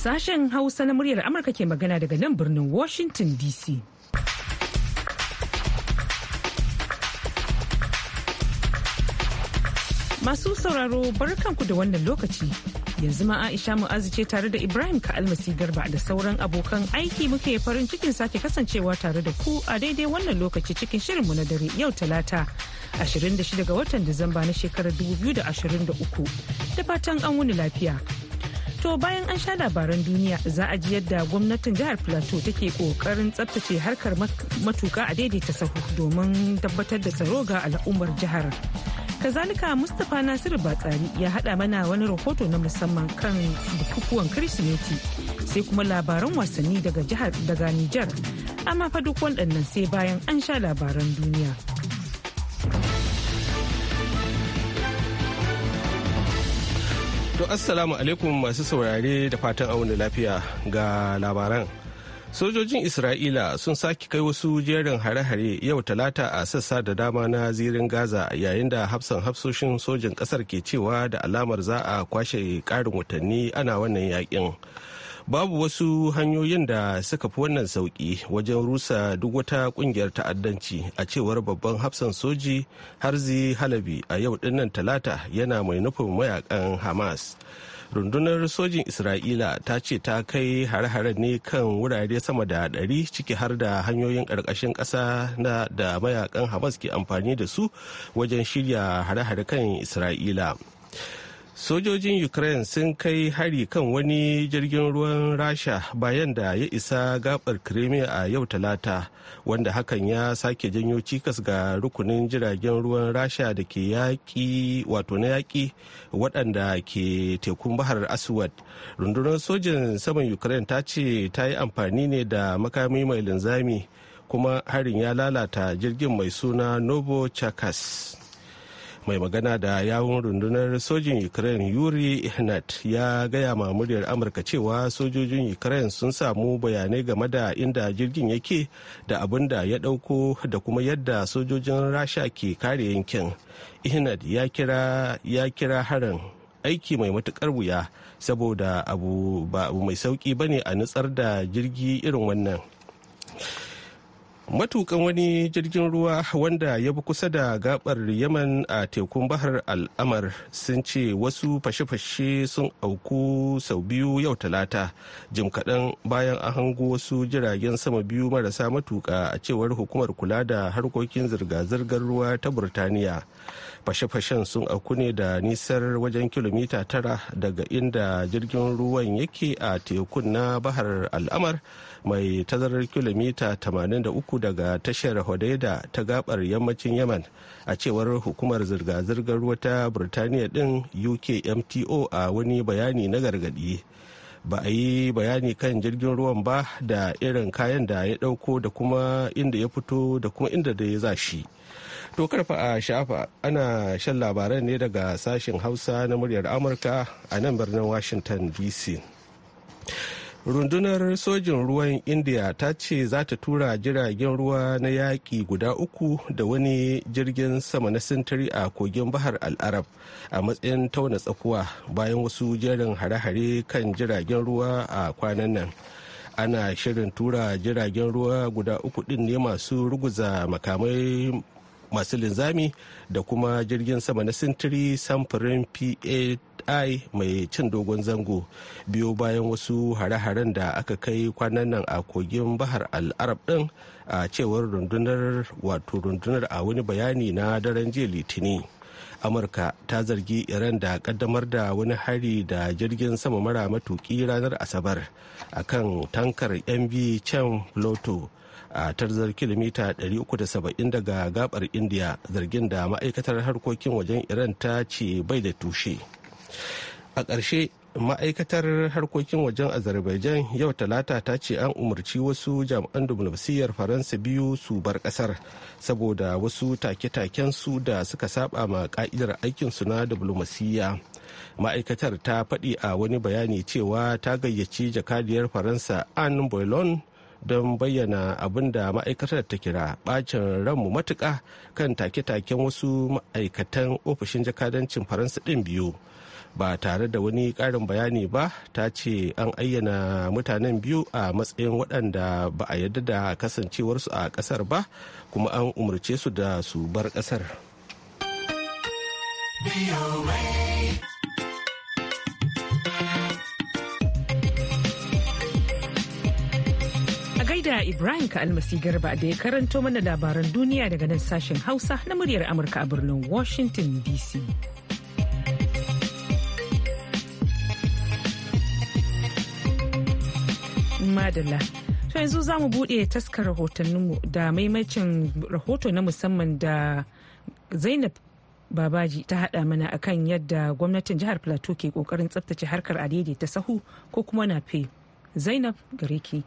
Sashen Hausa na muryar Amurka ke magana daga nan birnin Washington DC. Masu sauraro barkanku da wannan lokaci. Yanzu ma Aisha Mu'azu ce tare da Ibrahim Ka'almasi Garba da sauran abokan aiki muke farin cikin sake kasancewa tare da ku a daidai wannan lokaci cikin shirinmu na dare yau talata 26 ga watan Disamba na shekarar 2023 da fatan an wuni lafiya. To bayan an sha labaran duniya za a ji yadda gwamnatin jihar Plateau take kokarin tsabtace harkar matuka a daidaita sahu domin tabbatar da tsaro ga al'ummar jihar. Kazalika Mustapha Nasiru Batsari ya haɗa mana wani rahoto na musamman kan bukukuwan Kirsimeti sai kuma labaran wasanni daga jihar daga Nijar. Amma fa duk waɗannan sai bayan an sha labaran duniya. To assalamu alaikum masu saurare da fatan auna lafiya ga labaran. Sojojin Isra'ila sun sake kai wasu jerin hare-hare yau talata a sassa da dama na zirin Gaza yayin da hafsan hafsoshin sojin kasar ke cewa da alamar za a kwashe karin watanni ana wannan yakin. babu wasu hanyoyin da suka fi wannan sauki wajen rusa duk wata kungiyar ta'addanci a cewar babban hafsan soji harzi halabi a yau dinnan talata yana mai nufin mayakan hamas rundunar sojin isra'ila ta ce ta kai hare-hare ne kan wurare sama da ɗari ciki har da hanyoyin ƙarƙashin ƙasa na da mayakan hamas ke amfani da su wajen shirya hare-hare kan isra'ila sojojin ukraine sun kai hari kan wani jirgin ruwan rasha bayan da ya isa gabar crimea a yau talata wanda hakan ya sake janyo cikas ga rukunin jiragen ruwan rasha da ke yaƙi wato na yaƙi waɗanda ke tekun bahar aswad rundunar sojin saman ukraine ta ce ta yi amfani ne da makami mai linzami kuma harin ya lalata jirgin mai suna novo chakas mai magana da yawun rundunar sojin ukraine yuri ihnat ya gaya ma muryar amurka cewa sojojin ukraine sun samu bayanai game da inda jirgin yake da abin da ya dauko da kuma yadda sojojin rasha ke kare yankin ihnat ya kira ya kira harin aiki mai matukar wuya saboda abu ba abu mai sauki bane a nutsar da jirgi irin wannan matukan wani jirgin ruwa wanda ya bi kusa da gabar yaman a tekun bahar al'amar sun ce wasu fashe-fashe sun auku sau biyu yau talata jim kaɗan bayan a hango wasu jiragen sama biyu marasa matuka a cewar hukumar kula da harkokin zirga-zirgar ruwa ta burtaniya fashe-fashen sun auku ne da nisar wajen kilomita tara daga inda jirgin ruwan yake a tekun na bahar al'amar mai tazarar kilomita 83 daga tashar hodeida ta gabar yammacin yaman a cewar hukumar zirga-zirgar ruwa ta birtaniya din mto a wani bayani na gargadi ba a yi bayani kan jirgin ruwan ba da irin kayan da ya dauko da kuma inda ya fito da kuma inda da ya za shi to karfa a shafa ana shan labaran ne daga sashen hausa na muryar amurka a nan birnin washington dc rundunar sojin ruwan india ta ce za ta tura jiragen ruwa na yaƙi guda uku da wani jirgin sama na sintiri a kogin bahar al-arab a matsayin tauna tsakuwa bayan wasu jerin hare-hare kan jiragen ruwa a kwanan nan ana shirin tura jiragen ruwa guda uku ɗin ne masu ruguza makamai masu linzami da kuma jirgin sama na sintiri samfurin pai mai cin dogon zango biyo bayan wasu hare-haren da aka kai kwanan nan a kogin bahar al'arab din a cewar rundunar wato rundunar a wani bayani na daren jiya litini amurka ta zargi iran da kaddamar da wani hari da jirgin sama mara matuki ranar asabar akan tankar mv chan floto a tarzar kilomita 370 daga gabar indiya zargin da ma'aikatar harkokin wajen iran ta ce bai da tushe a ƙarshe ma'aikatar harkokin wajen azerbaijan yau talata ta ce an umarci wasu jami'an diflomasiyyar faransa biyu su bar kasar saboda wasu take-taken su da suka saba ma ka'idar aikinsu na diflomasiyya ma'aikatar ta faɗi a wani bayani cewa ta gayyaci jakadiyar faransa anne boulon don bayyana abin da ma'aikatar ta kira bacin ranmu matuƙa kan take-taken wasu ma'aikatan ofishin jakadancin faransa ɗin biyu ba tare da wani ƙarin bayani ba ta ce an ayyana mutanen biyu a matsayin waɗanda ba a yarda da kasancewarsu a ƙasar ba kuma an umarce su da su bar ƙasar. gaida Ibrahim ka almasi garba da ya karanto mana labaran duniya daga nan sashen Hausa na muryar Amurka a birnin Washington DC. Madalla. To yanzu za mu buɗe taskar rahotanninmu da maimacin rahoto na musamman da Zainab Babaji ta haɗa mana akan yadda gwamnatin jihar Plateau ke ƙoƙarin tsabtace harkar adaidaita sahu ko kuma nafe. Zainab gareki.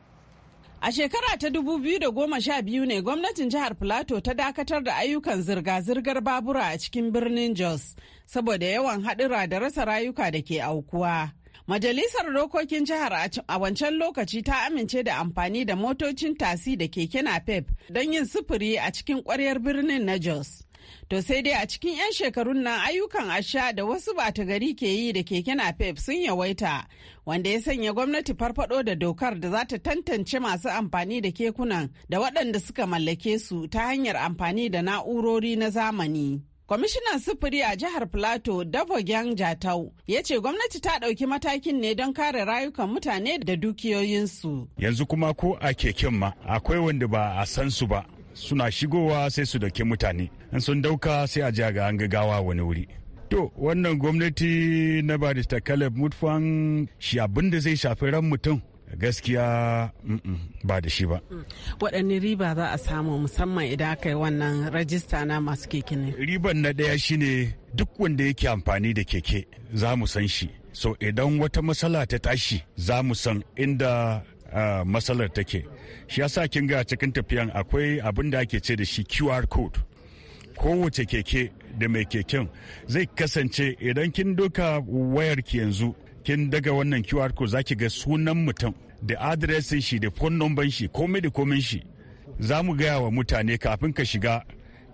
A shekara ta 2012 ne gwamnatin jihar Filato ta dakatar da ayyukan zirga-zirgar babura a cikin birnin Jos saboda yawan haɗura da rasa rayuka da ke aukuwa. Majalisar dokokin jihar a wancan lokaci ta amince da amfani da motocin tasi da keke napep don yin sufuri a cikin ƙwaryar birnin na Jos. To sai dai a cikin 'yan shekarun nan ayyukan asha da wasu ba ta gari ke yi da keke napep sun yawaita wanda ya sanya gwamnati farfado da dokar da za ta tantance masu amfani da kekunan da waɗanda suka mallake su ta hanyar amfani da na'urori na zamani. Kwamishinan sufuri a jihar Plateau Davogyang Jatau ya ce gwamnati ta ɗauki matakin ne don kare rayukan mutane da dukiyoyinsu. Yanzu kuma ko a keken ma akwai wanda ba a san su ba suna shigowa sai su dauke mutane in sun dauka sai a ga an gagawa wani wuri To wannan gwamnati na barista Caleb Mutfan shi abin da zai shafi ran mutum gaskiya ba da shi ba. Waɗanne riba za a samu musamman idan aka yi wannan rajista na masu keke ne? Riban na ɗaya shi ne duk wanda yake amfani da keke za mu san shi. So idan wata matsala ta tashi za mu san inda Uh, matsalar take shi ya sa kin ga cikin tafiyan akwai abin da ake ce da shi qr code kowace keke da mai keken zai kasance idan kin doka wayarki yanzu kin daga wannan QR code zaki ga sunan mutum da adireshin shi da phone number shi komai da komai shi za mu gaya wa mutane kafin ka shiga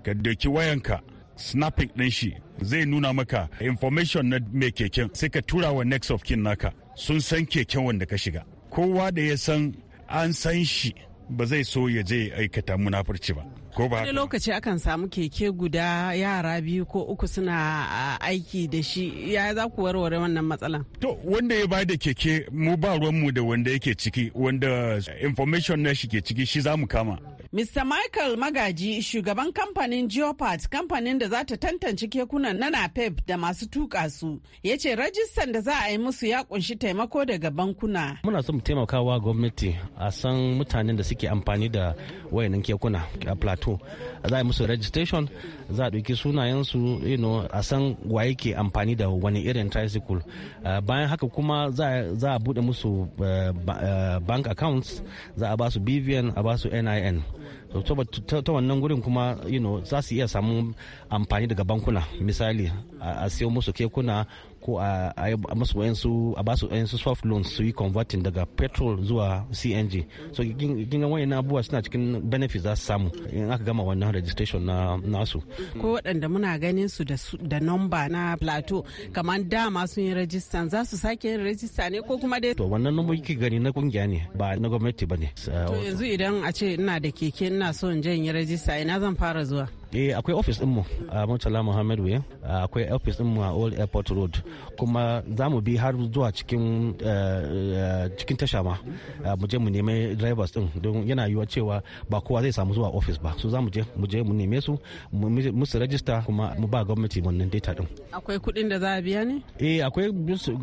ka doki wayanka snapping din shi zai nuna maka information na mai keken sai ka tura wa next of kin naka sun san keken wanda ka shiga kowa da ya san an san shi ba zai so ya je aikata munafurci ba ko ba wani lokaci akan samu keke guda yara biyu ko uku suna aiki da shi ya za ku warware wannan matsalan to wanda ya bada keke mu ba ruwanmu da wanda yake ciki wanda information na shi ke ciki shi za mu kama Mr. Michael Magaji shugaban kamfanin Geopath kamfanin da za ta tantance kekunan na NAPEP da masu tuka su ya ce rajistan da za a yi musu ya kunshi taimako daga bankuna. Muna son taimakawa gwamnati a san mutanen da suke amfani da wayannan kekuna a to za a musu registration za a ɗauki sunayensu a san wa yake amfani da wani irin tricycle uh, bayan haka kuma za a bude musu uh, uh, bank accounts za a ba su bvn a ba su nin ta wannan gurin kuma za su iya samu amfani daga bankuna misali a siyo musu kekuna ko a musu wayansu a basu wayansu soft loans su yi converting daga petrol zuwa cng so kin wayan abubuwa suna cikin benefits za su samu in aka gama wannan registration na nasu ko waɗanda muna ganin su da number na plateau kamar dama sun yi rajistan za su sake yin rajista ne ko kuma dai to wannan number yake gani na kungiya ne ba na gwamnati ba ne to yanzu idan a ce ina da keke ina so in je in yi rajista ina zan fara zuwa eh akwai ofis din mu a Murtala muhammadu ya eh. akwai ofis din mu a Old Airport Road kuma za mu bi har zuwa cikin eh, eh, cikin tasha ma mu je mu nemi drivers din don yana yiwuwa cewa ba kowa zai samu zuwa ofis ba so za mu je mu je mu neme su mu su register kuma mu ba gwamnati wannan data din akwai kuɗin da za a biya ne eh akwai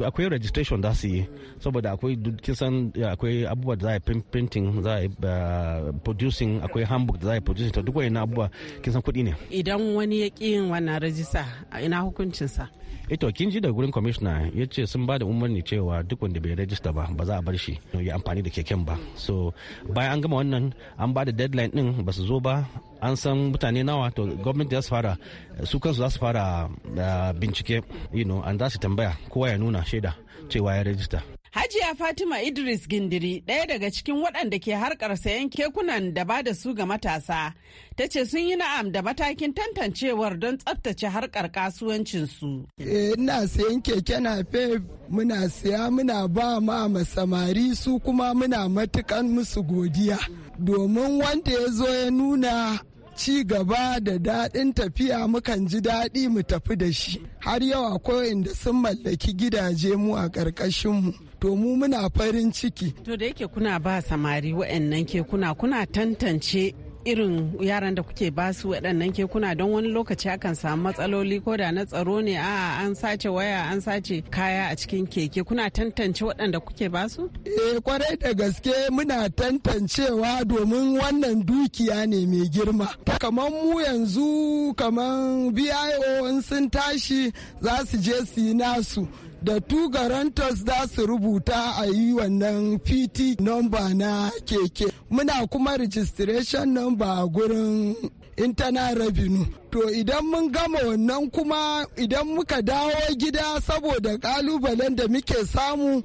akwai registration da su yi saboda akwai kin san akwai abubuwa da za a printing za a producing akwai handbook da za a producing to duk wayannan abubuwa kin san kuɗi ne idan wani ya ƙi yin wannan rajista a ina hukuncinsa ito eh kin ji da gurin kwamishina ya ce sun ba da umarni cewa duk wanda bai rajista ba ba za a bar shi ya amfani da keken ba so bayan an gama wannan an ba da deadline ɗin ba su zo ba an san mutane nawa to gwamnati za su fara su kansu za su fara ah, bincike you know an za su tambaya kowa ya nuna shaida cewa ya rajista Hajiya Fatima Idris Gindiri, ɗaya daga cikin waɗanda ke harkar sayan kekunan da ba da su ga matasa, ta ce sun yi na'am da matakin tantancewar don tsabtace harkar kasuwancinsu. Eh, ina sayan keke na fe muna siya muna ba ma samari su kuma muna matukan musu godiya. Domin wanda ya zo ya nuna ci gaba da daɗin tafiya mukan ji daɗi mu tafi da shi har yau akwai da sun mallaki gidaje mu a ƙarƙashinmu to mu muna farin ciki to da yake kuna ba samari wa'annan kuna kuna tantance irin yaran da kuke basu waɗannan kekuna don wani lokaci akan samu matsaloli ko da na tsaro ne a an sace waya an sace kaya a cikin keke kuna tantance waɗanda kuke basu? Eh kwarai da gaske muna tantancewa domin wannan dukiya ne mai girma. Kamar mu yanzu kamar BIO sun tashi za su je su yi nasu. da tugarantas za su rubuta a yi wannan pt number na keke muna kuma registration number a gurin internal revenue to idan mun gama wannan kuma idan muka dawo gida saboda kalubalen da muke samu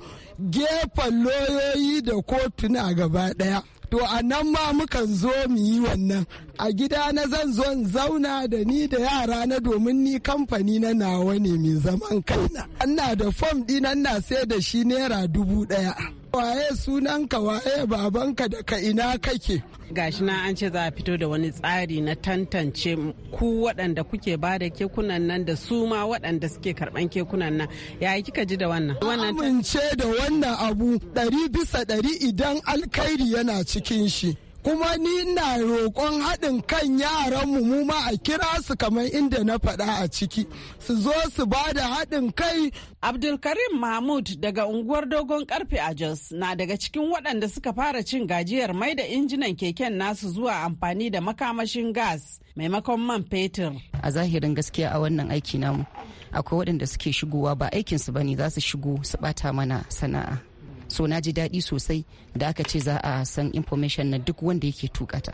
gefen loyoyi da kotuna gaba daya to a nan ma mukan zo mu yi wannan a gida na zan zo zauna da ni da yara na domin ni kamfani na nawa ne mai zaman kaina ina da fom ɗina na sai da shi naira dubu ɗaya waye sunanka waye babanka daga ina kake gashi na an ce za a fito da wani tsari na tantance ku waɗanda kuke ba da kekunan nan da su ma waɗanda suke karɓan kekunan nan yayi kika ji da wannan amince da wannan abu ɗari bisa ɗari idan alkhairi yana cikin shi kuma ni ina roƙon haɗin kan yaran mu ma a kira su kamar inda na faɗa a ciki su zo su ba da haɗin kai. Abdulkarim Mahmud daga unguwar Dogon Karfe a Jos na daga cikin waɗanda suka fara cin gajiyar mai da injinan keken nasu zuwa amfani da makamashin gas maimakon man fetur. A zahirin gaskiya a wannan aiki namu akwai waɗanda suke shigowa ba aikinsu ba ne za su shigo su bata mana sana'a. so na ji daɗi sosai da aka ce za a san information na duk wanda yake tukata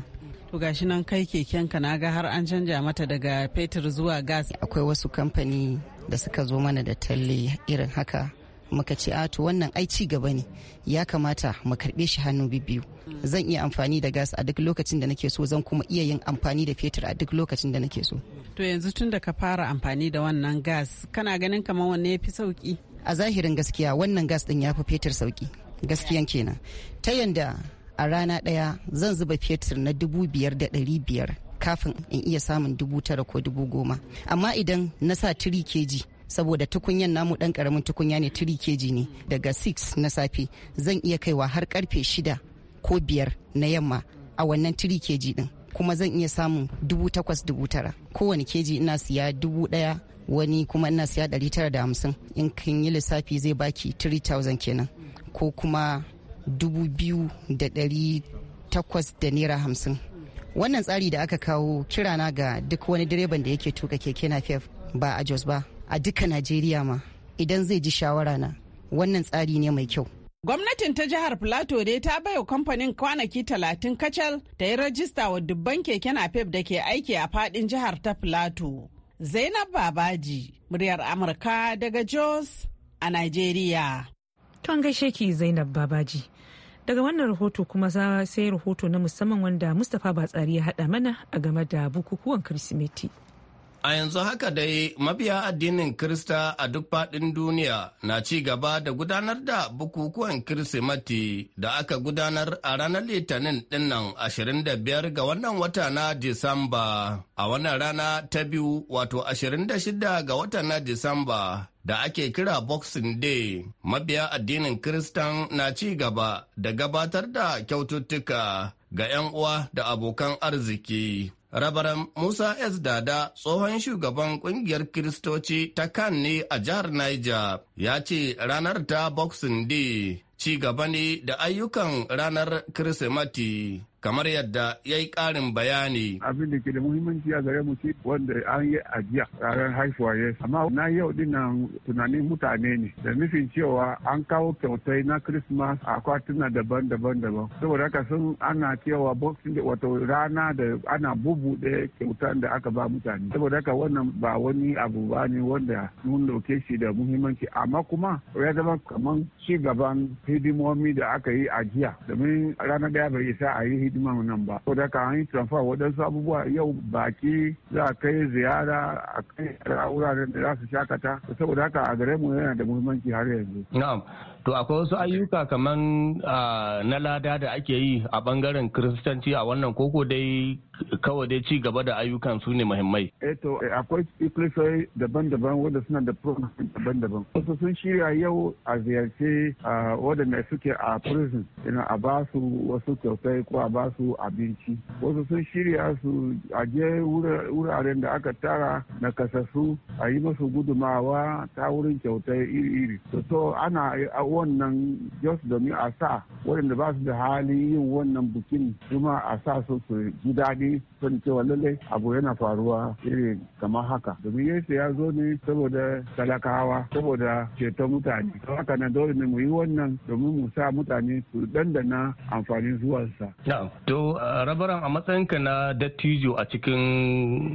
to gashi nan kai ka na ga har an canja mata daga fetur zuwa gas akwai wasu kamfani da suka zo mana da talle irin haka muka ce a to wannan ai ci gaba ne ya kamata mu karbe shi hannu biyu zan iya amfani da gas a duk lokacin da nake so zan kuma iya yin amfani da fetur a duk lokacin da nake so to yanzu tun da ka fara amfani da wannan gas kana ganin kamar wanne ya fi sauki a zahirin gaskiya wannan gas din ya fi fetur sauki gaskiyan kenan ta yanda a rana ɗaya zan zuba fetur na dubu biyar da ɗari biyar kafin in iya samun dubu tara ko dubu goma amma idan na sa tiri keji saboda tukunyan namu dan karamin tukunya ne tiri keji ne daga 6 na safe zan iya kaiwa har karfe shida ko biyar na yamma a wannan tiri keji din kuma zan iya samun dubu takwas dubu tara kowane keji ina siya dubu daya wani kuma ina siya 950 in kin yi lissafi zai baki 3000 kenan ko kuma 2800 da naira 50 wannan tsari da aka kawo kirana ga duk wani direban da yake tuka keke napep ba a jos ba a duka najeriya ma idan zai ji shawara na wannan tsari ne mai kyau Gwamnatin ta jihar plateau dai ta baiwa kamfanin kwanaki talatin kacal ta ya rajista wa dubban keke napep da ke aiki a fadin jihar ta plateau Zainab Babaji, muryar Amurka daga Jos a Najeriya. Ton gaishe ki Zainab Babaji. Daga wannan rahoto kuma za sai rahoto na musamman wanda Mustapha Batsari ya haɗa mana a game da bukukuwan Kirsimeti. A yanzu haka dai mabiya addinin Kirista a duk faɗin duniya na ci gaba da gudanar da bukukuwan Kirsimati da aka gudanar a ranar Litinin ɗinnan 25 ga wannan wata na Disamba. A wannan rana ta biyu wato 26 ga wata na Disamba da ake kira Boxing Day, mabiya addinin Kiristan na ci gaba da gabatar da kyaututtuka ga 'yan uwa da abokan arziki. Rabaran Musa S. Dada, tsohon shugaban kungiyar Kiristoci ta kan ne a jihar Niger, ya ce ranar ta Boxing Day ci gaba ne da ayyukan ranar Kirsimati. kamar yadda ya yi ƙarin bayani. Abin da ke da muhimmanci a gare mu shi wanda an yi ajiya ranar haifuwa yes. Amma na yau din tunanin mutane ne da nufin cewa an kawo kyautai na Christmas a kwatuna daban-daban daban. Saboda haka sun ana cewa boxing da wato rana da ana bubu da kyauta da aka ba mutane. Saboda haka wannan ba wani abu ba ne wanda mun dauke shi da muhimmanci amma kuma ya zama kamar ci gaban hidimomi da aka yi ajiya domin ranar daya bai isa a yi hidimar nan ba ko da ka an yi transfer waɗansu abubuwa yau baki za kai ziyara a kai wuraren da za su shakata saboda haka a gare mu yana da muhimmanci har yanzu na'am To akwai wasu ayyuka kamar ah, na lada da ake yi a bangaren kiristanci a wannan koko dai kawai dai ci gaba da ayyukan su ne muhimmai. Eh to eh, akwai ikilisiyoyi daban-daban wanda suna da program daban-daban. Wasu sun shirya yau a ziyarce ah, wadanda suke a prison ina a ba su wasu kyautai ko a ba su abinci. Wasu sun shirya su a je wuraren da aka tara na kasasu a yi masu gudumawa ta wurin kyautai iri-iri. To ana wannan jos domin a sa waɗanda ba su da hali yin wannan bikin kuma a sa su su ji daɗi sun cewa lallai abu yana faruwa iri kamar haka domin yesu ya zo ne saboda talakawa saboda ceto mutane don haka na dole ne mu yi wannan domin mu sa mutane su dandana amfanin zuwansa. to uh, rabaran a matsayinka na dattijo a cikin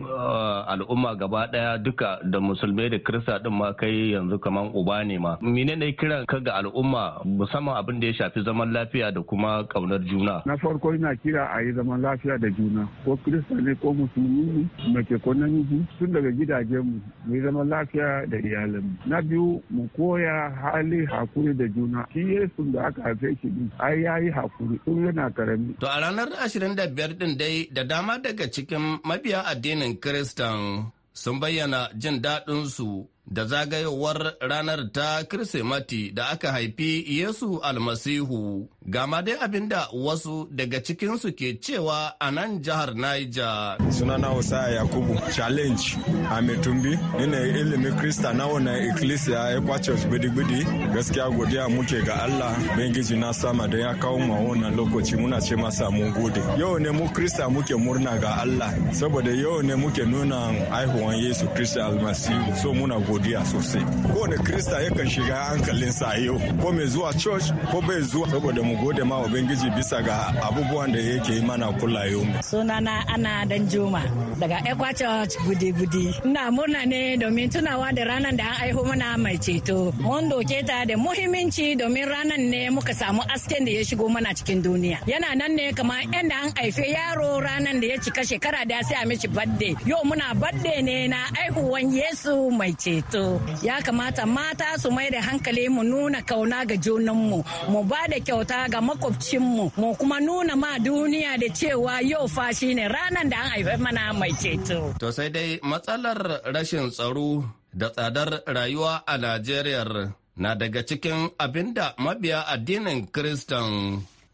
uh, al'umma gaba ɗaya duka da musulmai da kirista ɗin ma kai yanzu kamar uba ne ma menene kiran ka ga al'umma musamman abin da ya shafi zaman lafiya da kuma kaunar juna. Na farko ina kira a yi zaman lafiya da juna ko kirista ne ko musulmi mace ko namiji tun daga gidajen mu yi zaman lafiya da iyalan mu Na biyu mu koya hali hakuri da juna shi Yesu da aka haife shi din ai ya yi hakuri tun yana karami. To a ranar 25 din dai da dama daga cikin mabiya addinin Kiristan sun bayyana jin daɗinsu da zagayowar ranar ta Kirsimati da aka haifi Yesu almasihu. Gama dai abinda wasu daga cikinsu ke cewa a nan jihar Niger. Sunana a Yakubu Challenge a Metumbi, ina ilimin Krista na wannan Ecclesia Ekwa Church gbidi gaskiya godiya muke ga Allah Bengiji na sama da ya kawo ma wannan lokaci muna ce masa mun gode. Yau ne mu Krista muke murna ga Allah saboda yau ne muke nuna haihuwan Yesu Krista almasihu so muna gode. godiya sosai kowane krista yakan shiga hankalin sa yau ko mai zuwa church ko bai zuwa saboda mu gode ma ubangiji bisa ga abubuwan da yake yi mana kula yau sunana ana dan juma daga ekwa church gudi gudi ina murna ne domin tunawa da ranar da an aiho mana mai ceto mun doke ta da muhimmanci domin ranar ne muka samu asken da ya shigo mana cikin duniya yana nan ne kamar yadda an haife yaro ranar da ya cika shekara da sai a mishi birthday yau muna birthday ne na aihuwan yesu mai ce. to ya kamata mata su mai da hankali mu nuna kauna ga junanmu mu ba da kyauta ga makwabcinmu mu kuma nuna ma duniya da cewa yau fa shine ranar da an haifi mana mai ceto to sai dai matsalar rashin tsaro da tsadar rayuwa a Najeriya na daga cikin abinda mabiya addinin Kiristan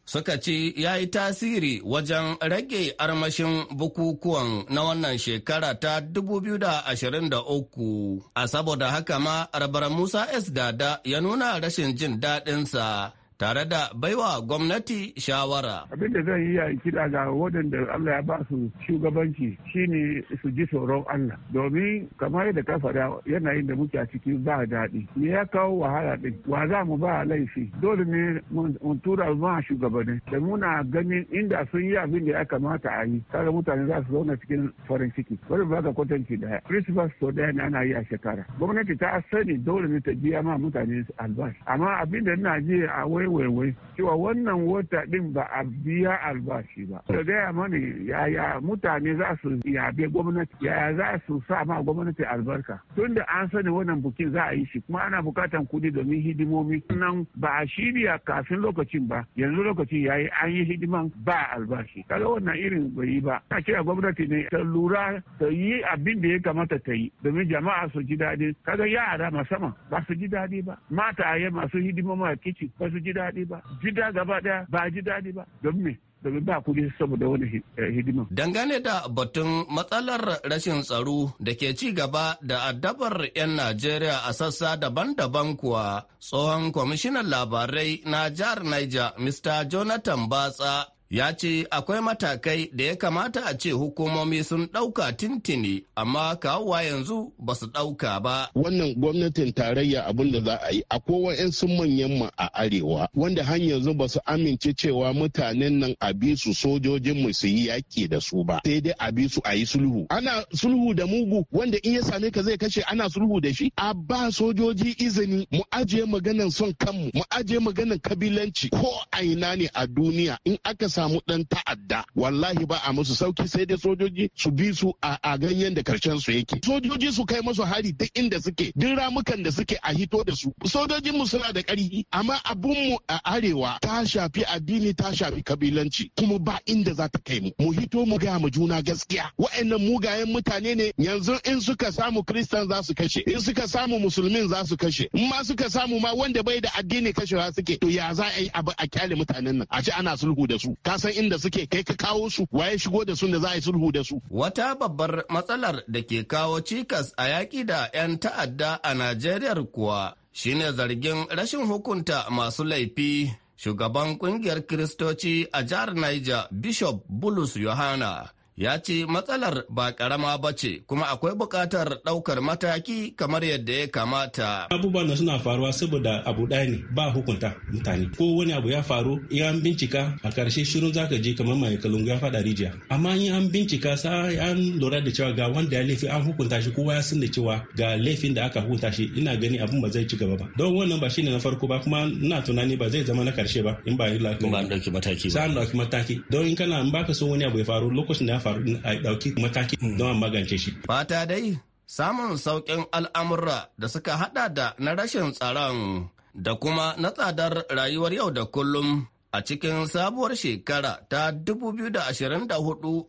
suka ce ya yi tasiri wajen rage armashin bukukuwan na wannan shekara ta 2023 a saboda haka ma rabar musa s dada ya nuna rashin jin daɗinsa tare da baiwa gwamnati shawara. Abin da zan yi ya kiɗa ga waɗanda Allah ya ba su shugabanci shine su ji tsoron Allah. Domin kamar yadda ka faɗa yanayin da muke a ciki ba daɗi. Me ya kawo wahala ɗin? Wa za mu ba laifi? Dole ne mun tura ma shugabanni. Da muna ganin inda sun yi abin da ya kamata a yi. Kaga mutane za su zauna cikin farin ciki. Bari ba ka kwatanci daya. Christmas sau ɗaya ne ana yi a shekara. Gwamnati ta sani dole ne ta biya ma mutane albashi. Amma abin da ina ji a wai waiwai cewa wannan wata din ba a biya albashi ba. Da gaya mani yaya mutane za su yabe gwamnati yaya za su sa ma gwamnati albarka. Tun da an sani wannan bukin za a yi shi kuma ana bukatan kuɗi domin hidimomi. Nan ba a shirya kafin lokacin ba yanzu lokaci yayi an yi hidiman ba albashi. Kaga wannan irin bai yi ba. Ana cewa gwamnati ne ta lura ta yi abin da ya kamata ta yi domin jama'a su ji daɗi. Kaga yara musamman ba su ji daɗi ba. Mataye masu a kici ba su ji daɗi ba gida gaba ɗaya ba ji daɗi ba don me domin ba kuɗi saboda wani eh, hidima. Dangane da batun matsalar rashin tsaro da ke ci gaba da addabar 'yan Najeriya a sassa daban-daban kuwa tsohon kwamishinan labarai na jihar Niger, Mr. Jonathan Batsa ya ce akwai matakai da ya kamata a ce hukumomi sun ɗauka tintini amma kawowa yanzu ba su ɗauka ba. Wannan gwamnatin tarayya abin da za a yi akwai sun manyan mu a arewa wanda har yanzu ba su amince cewa mutanen nan a bi su sojojin mu su yi yaƙi da su ba sai dai a bi su a yi sulhu. Ana sulhu da mugu wanda in ya same ka zai kashe ana sulhu da shi a ba sojoji izini mu ajiye maganan son kanmu mu ajiye maganan kabilanci ko a ina ne a duniya in aka samu dan ta'adda wallahi ba a musu sauki sai dai sojoji su bi su a ganyen da karshen su yake sojoji su kai musu hari duk inda suke duk ramukan da suke a hito da su sojojin mu suna da ƙarfi amma abun mu a arewa ta shafi addini ta shafi kabilanci kuma ba inda za ta kai mu mu hito mu ga mu juna gaskiya wa'annan mugayen mutane ne yanzu in suka samu kristan za su kashe in suka samu musulmin za su kashe in ma suka samu ma wanda bai da addini kashewa suke to ya za a yi abu a kyale mutanen nan a ce ana sulhu da su ka san inda suke kai ka kawo su waye shigo da su da za a yi sulhu da su wata babbar matsalar da ke kawo cikas a yaƙi da 'yan ta'adda a Najeriya kuwa shine zargin rashin hukunta masu laifi shugaban kungiyar kiristoci a jihar Niger Bishop Bulus Yohana ya ce matsalar ba karama ba ce kuma akwai buƙatar ɗaukar mataki kamar yadda ya kamata. Abubuwan da suna faruwa saboda abu ɗaya ne ba hukunta mutane. Ko wani abu ya faru ya an bincika a ƙarshe shirin zaka je kamar mai kalungu ya faɗa rijiya. Amma in an bincika sa an lura da cewa ga wanda ya laifi an hukunta shi kowa ya san cewa ga laifin da aka hukunta shi ina gani abun ba zai ci gaba ba. Don wannan ba shine na farko ba kuma ina tunani ba zai zama na ƙarshe ba in ba yi lafiya. Ba an ɗauki mataki ba. Sa an ɗauki mataki. Don in kana in baka so wani abu ya faru lokacin da ya faru din a dauki mataki hmm. don magance shi fata dai samun sauƙin al'amura da suka hada da na rashin tsaron da kuma na tsadar rayuwar yau da kullum a cikin sabuwar shekara ta 2024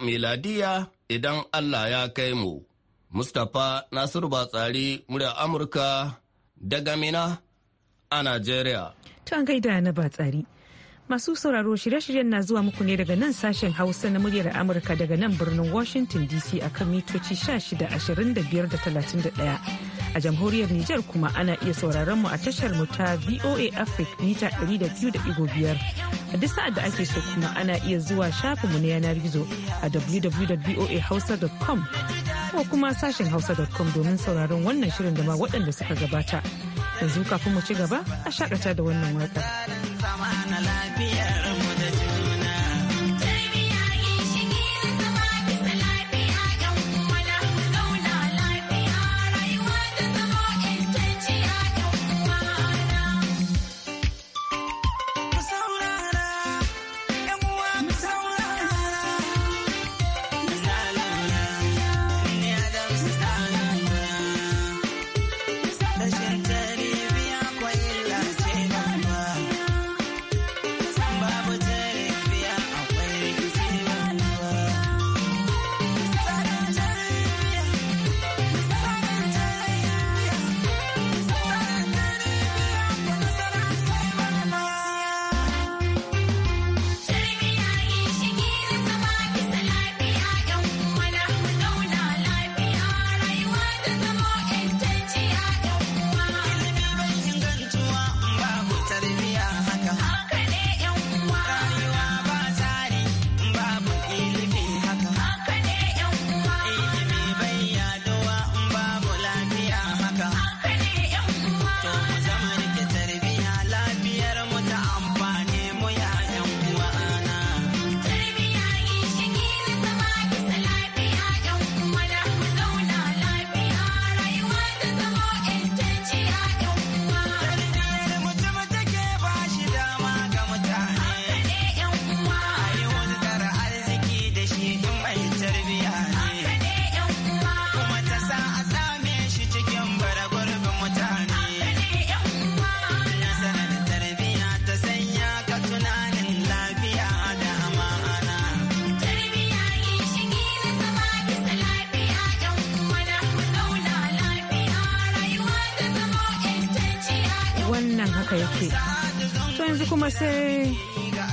miladiya idan Allah ya kai mu. Mustapha Nasiru Batsari murya Amurka daga Mina a Najeriya. Tun da na Batsari. Masu sauraro shirye-shiryen na zuwa muku ne daga nan sashen Hausa na muryar Amurka daga nan birnin Washington DC a kan mitoci 16-25-31. A jamhuriyar Nijar kuma ana iya sauraron mu a tashar mu ta VOA Africa mita 200.5. A duk sa'ad da ake so kuma ana iya zuwa shafinmu na yanar gizo a www.voahausa.com ko kuma sashen hausa.com domin sauraron wannan shirin da ma waɗanda suka gabata. yanzu kafin mu ci gaba a shakata da wannan waka.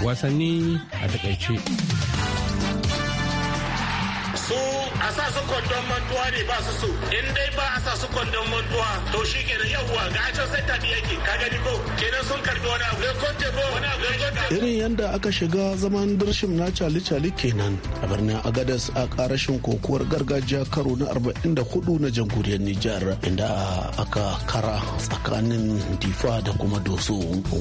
wasanni a takaice. a sa su kwandon mantuwa ne ba su so in dai ba a sa su kwandon mantuwa to shi kenan yawwa ga can sai yake ka gani ko kenan sun karbi wani abu konte ko wani abu irin yadda aka shiga zaman dirshim na cali-cali kenan a birnin agadas a karashin kokuwar gargajiya karo na 44 na jamhuriyar nijar inda aka kara tsakanin difa da kuma doso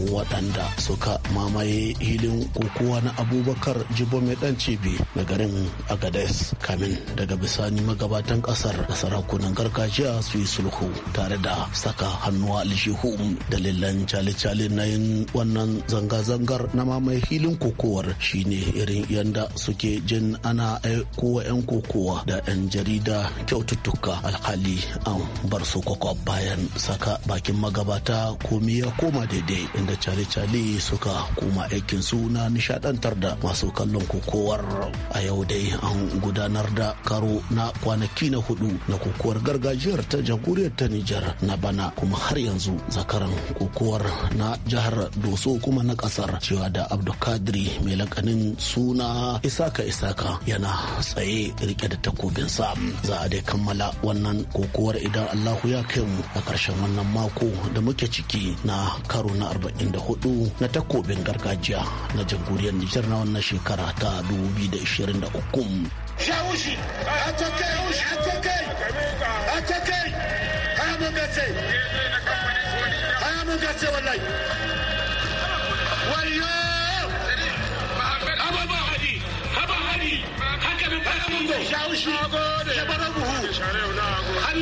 waɗanda suka mamaye hilin kokowa na abubakar jibo mai dan cibi na garin agadas kamin daga da bisani magabatan kasar da sarakunan gargajiya su yi sulhu tare da saka hannuwa aljihu dalilan cale-cale na yin wannan zanga-zangar na mamaye filin kokowar shine irin yanda suke jin ana aikowa 'yan kokowa da 'yan jarida kyaututtuka alhali an bar su kwakwa bayan saka bakin magabata komi ya koma daidai inda cale-cale suka koma aikin su na nishadantar da masu kallon kokowar a yau dai an gudanar da karo taro na kwanaki na hudu na kokowar gargajiyar ta jamhuriyar ta Nijar na bana kuma har yanzu zakaran kokowar na jihar Doso kuma na kasar cewa da Abdulkadiri mai lakanin suna Isaka Isaka yana tsaye rike da takobinsa za a dai kammala wannan kokowar idan Allahu ya kai mu a karshen wannan mako da muke ciki na karo na 44 na takobin gargajiya na jamhuriyar Nijar na wannan shekara ta 2023 shawushi atakai atakai atakai haya mun gace haya mun wallahi wayo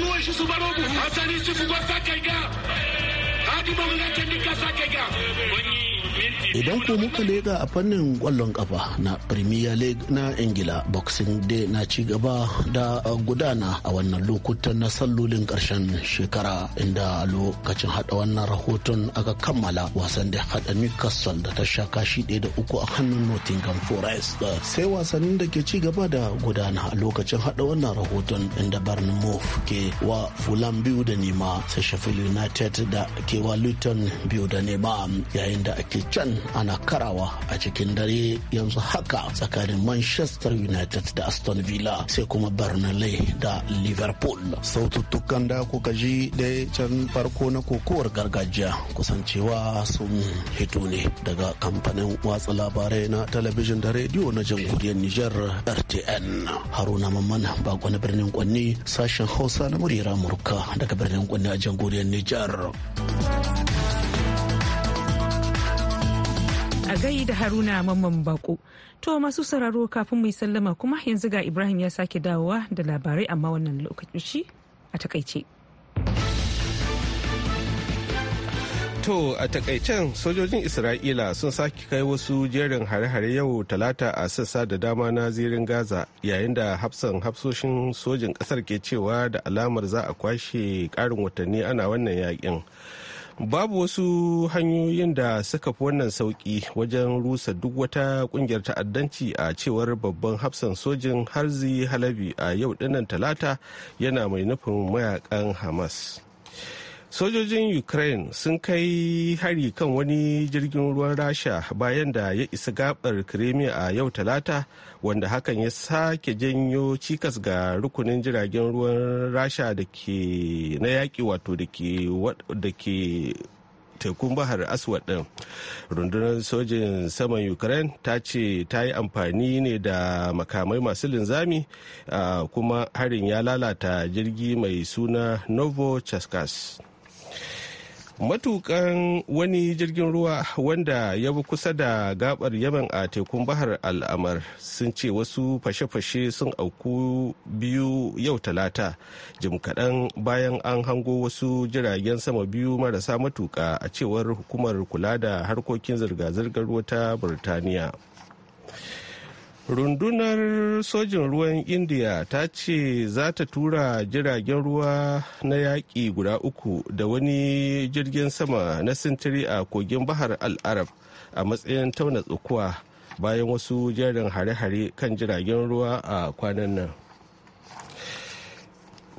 buhu shi su baro buhu asali su su gwasa kai ga hadi mun gace sa kai ga wani idan ko muka lega a fannin kwallon kafa na premier league na ingila boxing day na ci gaba da gudana a wannan lokutan na sallolin karshen shekara inda a lokacin hada wannan rahoton aka kammala wasan da hada newcastle da ta sha kashi daya da uku a hannun nottingham forest sai wasannin da ke ci gaba da gudana a lokacin hada wannan rahoton inda bournemouth ke wa fulan biyu da nema sai sheffield united da ke wa luton biyu da nema yayin da ake can ana karawa a cikin dare yanzu haka tsakanin manchester united da aston villa sai kuma burnley da liverpool saututtukan da kuka ji da can farko na kokowar gargajiya kusancewa sun hito ne daga kamfanin watsa labarai na talabijin da rediyo na jamhuriyar niger rtn haruna mamman bako na birnin kwanni sashen hausa na murira murka daga birnin kwanni a jamhuriyar niger a gai da haruna mamman bako to masu sauraro kafin mai sallama kuma yanzu ga ibrahim ya sake dawowa da labarai amma wannan lokaci a takaice To a takaicen sojojin Isra'ila sun sake kai wasu jerin hare-hare yau talata a sassa da dama na zirin Gaza yayin da hafsan hafsoshin sojin kasar ke cewa da alamar za a kwashe karin watanni ana wannan yakin. babu wasu hanyoyin da suka fi wannan sauki wajen rusa duk wata kungiyar ta'addanci a cewar babban hafsan sojin harzi halabi a yau dinnan talata yana mai nufin mayakan hamas sojojin ukraine sun kai hari kan wani jirgin ruwan rasha bayan da ya isa gabar kremia a yau talata wanda hakan ya sake janyo cikas ga rukunin jiragen ruwan rasha da ke na yaƙi wato da ke tekun bahar aswad din rundunar sojin saman ukraine ta ce ta yi amfani ne da makamai masu linzami ah, kuma harin ya lalata jirgi mai suna novo chaskas matukan wani jirgin ruwa wanda ya bi kusa da gabar yaman a tekun bahar al'amar sun ce wasu fashe-fashe sun auku biyu yau talata jim kaɗan bayan an hango wasu jiragen sama biyu marasa matuka a cewar hukumar kula da harkokin zirga-zirgar ruwa ta birtaniya rundunar sojin ruwan indiya ta ce za ta tura jiragen ruwa na yaƙi guda uku da wani jirgin sama na sintiri a kogin bahar al-arab a matsayin tauna tsakuwa bayan wasu jerin hare-hare kan jiragen ruwa a kwanan nan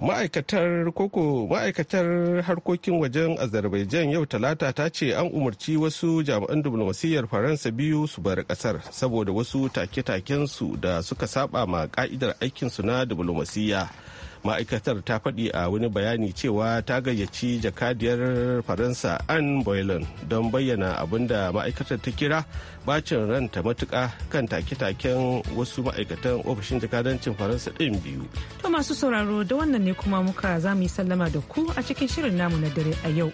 ma'aikatar koko ma'aikatar harkokin wajen azerbaijan yau talata ta ce an umarci wasu jami'an diplomasiyyar faransa biyu su bar kasar saboda wasu take su da suka saba ma ka'idar aikinsu na diplomasiyya ma'aikatar ta faɗi a wani bayani cewa ta gayyaci jakadiyar faransa anne boylan don bayyana abin da ma'aikatar ta kira bacin ranta matuka kan take-taken wasu ma'aikatan ofishin jakadancin faransa ɗin biyu to masu sauraro da wannan ne kuma muka za mu yi sallama da ku a cikin shirin namu na dare a yau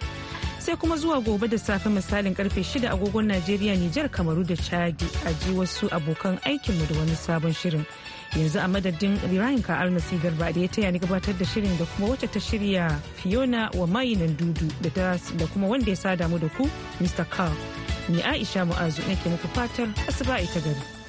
sai kuma zuwa gobe da safe misalin karfe 6 agogon Najeriya Nijar Kamaru da Chadi a ji wasu abokan aikinmu da wani sabon shirin. yanzu a madadin ibrahim ka almasi garba da ya taya ni gabatar da shirin da kuma wacce ta shirya fiona wa mayinan dudu da kuma wanda ya sada mu da ku mr carl ni aisha mu'azu nake muku fatar asuba ita gari